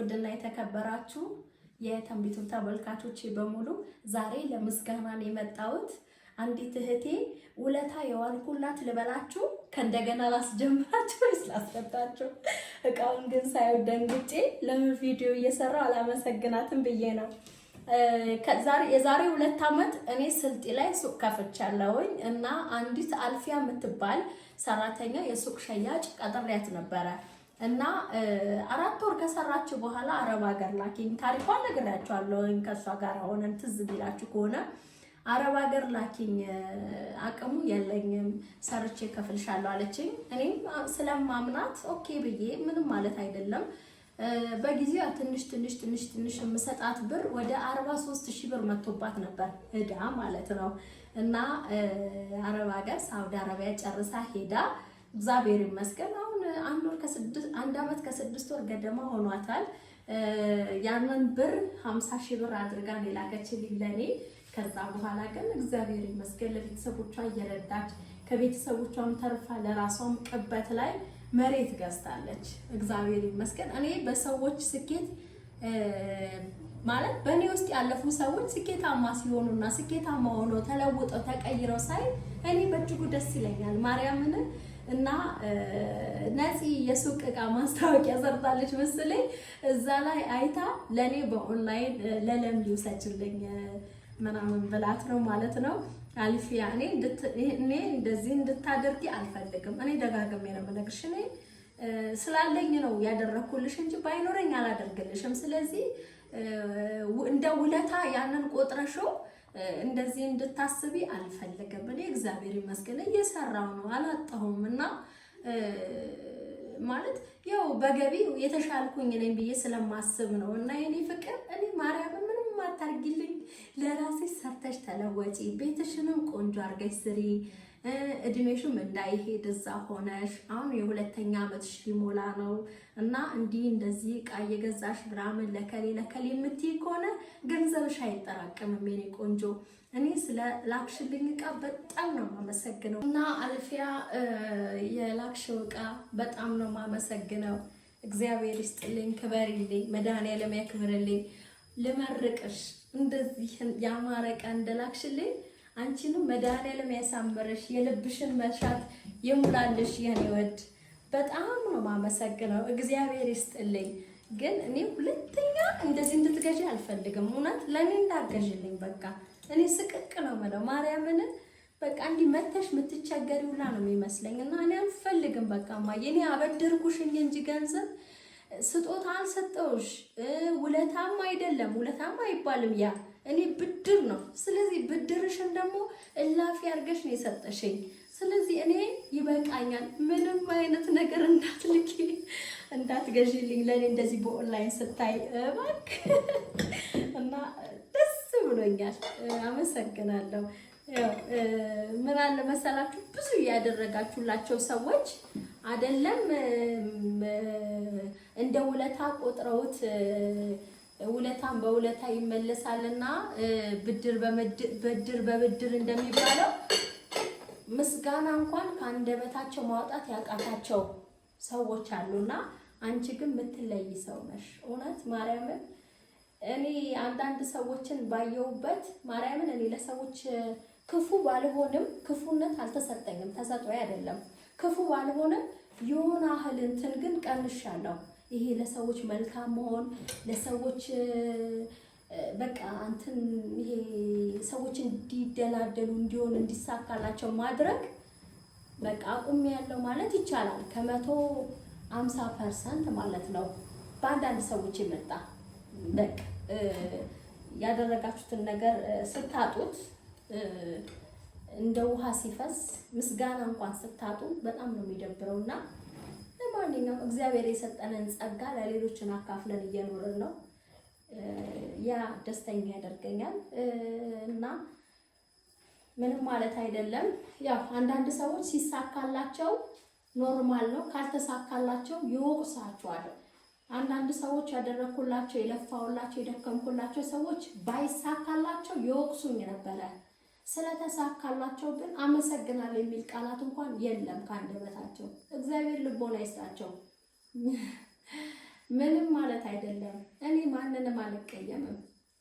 ውድና የተከበራችሁ የተንቢቱን ተመልካቾች በሙሉ ዛሬ ለምስጋናን የመጣሁት አንዲት እህቴ ውለታ የዋልኩላት ልበላችሁ ከእንደገና ላስጀምራችሁ ወይስ ላስረዳችሁ? እቃውን ግን ሳይሆን ደንግጬ ለምን ቪዲዮ እየሰራሁ አላመሰግናትም ብዬ ነው። የዛሬ ሁለት ዓመት እኔ ስልጤ ላይ ሱቅ ከፍቻለሁኝ እና አንዲት አልፊያ የምትባል ሰራተኛ የሱቅ ሸያጭ ቀጥሬያት ነበረ። እና አራት ወር ከሰራችሁ በኋላ አረብ ሀገር ላኪኝ። ታሪኳን ነግራችኋለሁ። ከእሷ ጋር ሆነን ትዝ ቢላችሁ ከሆነ አረብ ሀገር ላኪኝ፣ አቅሙ የለኝም፣ ሰርቼ ከፍልሻለሁ አለችኝ። እኔም ስለማምናት ኦኬ ብዬ ምንም ማለት አይደለም በጊዜው ትንሽ ትንሽ ትንሽ ትንሽ የምሰጣት ብር ወደ 43 ሺህ ብር መጥቶባት ነበር፣ እዳ ማለት ነው። እና አረብ ሀገር ሳውዲ አረቢያ ጨርሳ ሄዳ እግዚአብሔር ይመስገን አንድ ወር ከስድስት አንድ አመት ከስድስት ወር ገደማ ሆኗታል። ያንን ብር 50 ሺህ ብር አድርጋ የላከችልኝ ለኔ። ከዛ በኋላ ግን እግዚአብሔር ይመስገን ለቤተሰቦቿ እየረዳች ከቤተሰቦቿም ተርፋ ለራሷም ቅበት ላይ መሬት ገዝታለች። እግዚአብሔር ይመስገን። እኔ በሰዎች ስኬት ማለት በእኔ ውስጥ ያለፉ ሰዎች ስኬታማ ሲሆኑና ስኬታማ ሆኖ ተለውጠው ተቀይረው ሳይ እኔ በእጅጉ ደስ ይለኛል ማርያምን እና ነፂ የሱቅ እቃ ማስታወቂያ ሰርታለች መሰለኝ። እዛ ላይ አይታ ለእኔ በኦንላይን ለለም ሊውሰችልኝ ምናምን ብላት ነው ማለት ነው። አልፊያ እኔ እንደዚህ እንድታደርጊ አልፈልግም። እኔ ደጋግሜ ነው የምነግርሽ። እኔ ስላለኝ ነው ያደረግኩልሽ እንጂ ባይኖረኝ አላደርግልሽም። ስለዚህ እንደ ውለታ ያንን ቆጥረሽው እንደዚህ እንድታስቢ አልፈለገም። እኔ እግዚአብሔር ይመስገን እየሰራው ነው አላጣሁም። እና ማለት ያው በገቢ የተሻልኩኝ ነኝ ብዬ ስለማስብ ነው። እና የኔ ፍቅር እኔ ማርያም ምንም አታርጊልኝ፣ ለራሴ ሰርተሽ ተለወጪ፣ ቤትሽንም ቆንጆ አርገሽ ስሪ እድሜሽም እንዳይሄድ እዛ ሆነሽ አሁን የሁለተኛ ዓመትሽ ሊሞላ ነው እና እንዲህ እንደዚህ እቃ እየገዛሽ ምናምን ለከሌ ለከሌ የምትይ ከሆነ ገንዘብሽ አይጠራቅምም የኔ ቆንጆ። እኔ ስለ ላክሽልኝ ዕቃ በጣም ነው የማመሰግነው እና አልፊያ የላክሽው እቃ በጣም ነው የማመሰግነው። እግዚአብሔር ይስጥልኝ፣ ክበሪልኝ፣ መድኃኒዓለም ያክብርልኝ። ልመርቅሽ እንደዚህ ያማረ ዕቃ እንደላክሽልኝ አንቺንም መድኃኔዓለም ያሳምርሽ፣ የልብሽን መሻት የሙላልሽ። የኔ ወድ በጣም ነው ማመሰግነው። እግዚአብሔር ይስጥልኝ። ግን እኔ ሁለተኛ እንደዚህ እንድትገዢ አልፈልግም። እውነት ለእኔ እንዳገዥልኝ በቃ እኔ ስቅቅ ነው የምለው ማርያምን በቃ እንዲህ መተሽ የምትቸገሪ ሁላ ነው የሚመስለኝ። እና እኔ አልፈልግም በቃ እማዬ፣ እኔ አበደርኩሽኝ እንጂ ገንዘብ ስጦታ አልሰጠውሽ፣ ውለታም አይደለም ውለታም አይባልም ያ እኔ ብድር ነው። ስለዚህ ብድርሽን ደግሞ እላፊ አድርገሽ ነው የሰጠሽኝ። ስለዚህ እኔ ይበቃኛል። ምንም አይነት ነገር እንዳትልኪ እንዳትገዥልኝ ለእኔ እንደዚህ በኦንላይን ስታይ እባክህ እና ደስ ብሎኛል። አመሰግናለሁ። ምን አለ መሰላችሁ ብዙ ያደረጋችሁላቸው ሰዎች አይደለም እንደ ውለታ ቆጥረውት ውለታም በውለታ ይመለሳልና ብድር በብድር በብድር እንደሚባለው ምስጋና እንኳን ከአንደበታቸው ማውጣት ያቃታቸው ሰዎች አሉና አንቺ ግን የምትለይ ሰው ነሽ። እውነት ማርያምን እኔ አንዳንድ ሰዎችን ባየውበት ማርያምን እኔ ለሰዎች ክፉ ባልሆንም ክፉነት አልተሰጠኝም፣ ተሰጦ አይደለም ክፉ ባልሆንም የሆነ አህል እንትን ግን ቀንሻለሁ። ይሄ ለሰዎች መልካም መሆን ለሰዎች በቃ እንትን ይሄ ሰዎች እንዲደላደሉ እንዲሆን እንዲሳካላቸው ማድረግ በቃ አቁም ያለው ማለት ይቻላል። ከመቶ አምሳ ፐርሰንት ማለት ነው። በአንዳንድ ሰዎች የመጣ በቃ ያደረጋችሁትን ነገር ስታጡት እንደ ውሃ ሲፈስ ምስጋና እንኳን ስታጡ በጣም ነው የሚደብረውና ማንኛውም እግዚአብሔር የሰጠንን ጸጋ ለሌሎችን አካፍለን እየኖርን ነው። ያ ደስተኛ ያደርገኛል እና ምንም ማለት አይደለም። ያው አንዳንድ ሰዎች ሲሳካላቸው ኖርማል ነው፣ ካልተሳካላቸው ይወቅሳቸዋል። አንዳንድ ሰዎች ያደረግኩላቸው፣ የለፋውላቸው፣ የደከምኩላቸው ሰዎች ባይሳካላቸው ይወቅሱኝ ነበረ። ስለተሳካላቸው ግን አመሰግናል የሚል ቃላት እንኳን የለም ከአንደበታቸው። እግዚአብሔር ልቦና ይስጣቸው። ምንም ማለት አይደለም። እኔ ማንንም አልቀየምም።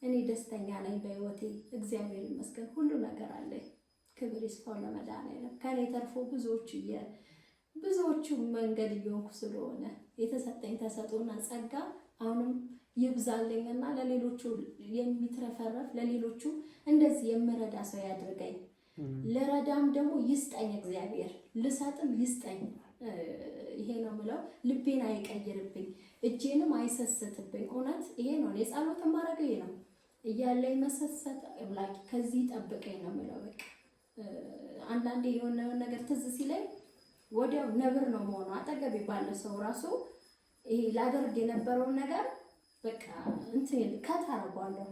እኔ ደስተኛ ነኝ በህይወቴ እግዚአብሔር ይመስገን፣ ሁሉ ነገር አለኝ። ክብር ይስፋው ለመድኃኒዓለም። ከኔ ተርፎ ብዙዎቹ ብዙዎቹ መንገድ እየሆንኩ ስለሆነ የተሰጠኝ ተሰጦና ጸጋ አሁንም ይብዛልኝና ለሌሎቹ የሚትረፈረፍ ለሌሎቹ እንደዚህ የምረዳ ሰው ያድርገኝ። ልረዳም ደግሞ ይስጠኝ እግዚአብሔር፣ ልሰጥም ይስጠኝ። ይሄ ነው ምለው። ልቤን አይቀይርብኝ፣ እጄንም አይሰስትብኝ። እውነት ይሄ ነው የጸሎት ማድረግ ይሄ ነው እያለ መሰሰት ብላክ ከዚህ ጠብቀኝ ነው ምለው። በቃ አንዳንዴ የሆነውን ነገር ትዝ ሲለኝ ወዲያው ነብር ነው መሆኑ አጠገቤ ባለ ሰው ራሱ ይሄ ላደርግ የነበረውን ነገር በቃ እንትን ከታረጓለሁ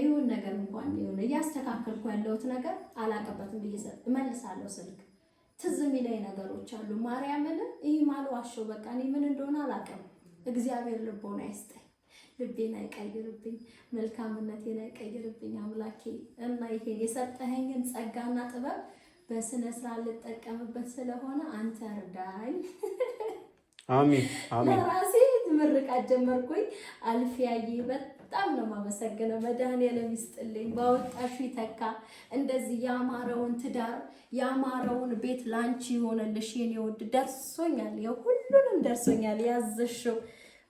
ይሁን ነገር እንኳን ይሁን እያስተካከልኩ ያለሁት ነገር አላቀበትም ብዬ እመልሳለሁ። ስልክ ትዝ የሚለኝ ነገሮች አሉ። ማርያምን ይህ ማልዋሸው በቃ እኔ ምን እንደሆነ አላቀም። እግዚአብሔር ልቦና አይስጠኝ፣ ልቤን አይቀይርብኝ፣ መልካምነቴን አይቀይርብኝ አምላኬ እና ይሄን የሰጠኸኝን ጸጋና ጥበብ በስነ ስርዓት ልጠቀምበት ስለሆነ አንተ እርዳኝ። አሜን አሜን። ምርቃት ጀመርኩኝ። አልፊያዬ በጣም ነው የማመሰግነው። መድኃኔዓለም ይስጥልኝ፣ ባወጣሽ ይተካ። እንደዚህ ያማረውን ትዳር ያማረውን ቤት ላንቺ ይሆነልሽ የኔ ውድ። ደርሶኛል፣ ሁሉንም ደርሶኛል ያዘሽው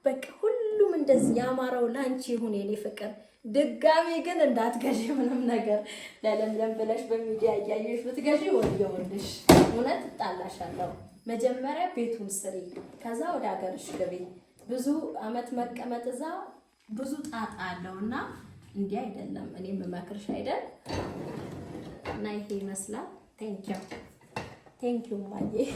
በቃ ሁሉም እንደዚህ ያማረው ላንቺ ይሁን የኔ ፍቅር። ድጋሜ ግን እንዳትገዢ ምንም ነገር ለለምለም ብለሽ በሚዲያ እያየሽ ብትገዢ ወየውልሽ፣ እውነት እጣላሻለሁ። መጀመሪያ ቤቱን ስሪ፣ ከዛ ወደ ሀገርሽ ግቢ። ብዙ አመት መቀመጥ እዛ ብዙ ጣጣ አለው እና እንዲህ አይደለም። እኔም መክርሽ አይደል እና ይሄ ይመስላል። ቴንኪው ቴንኪው ማየ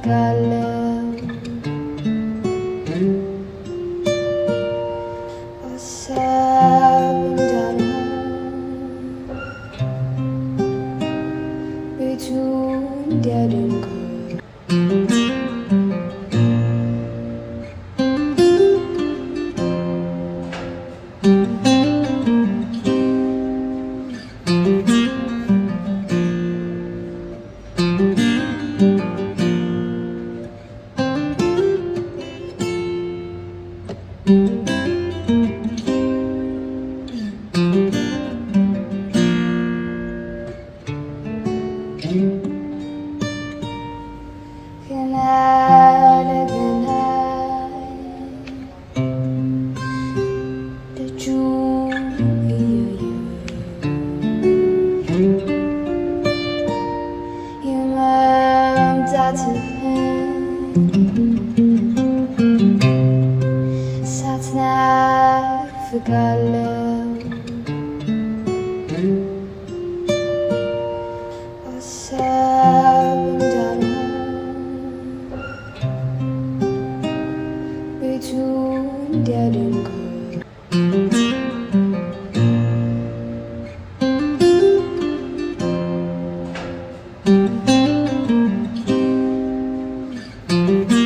calor. Música forgot love I Between dead and good you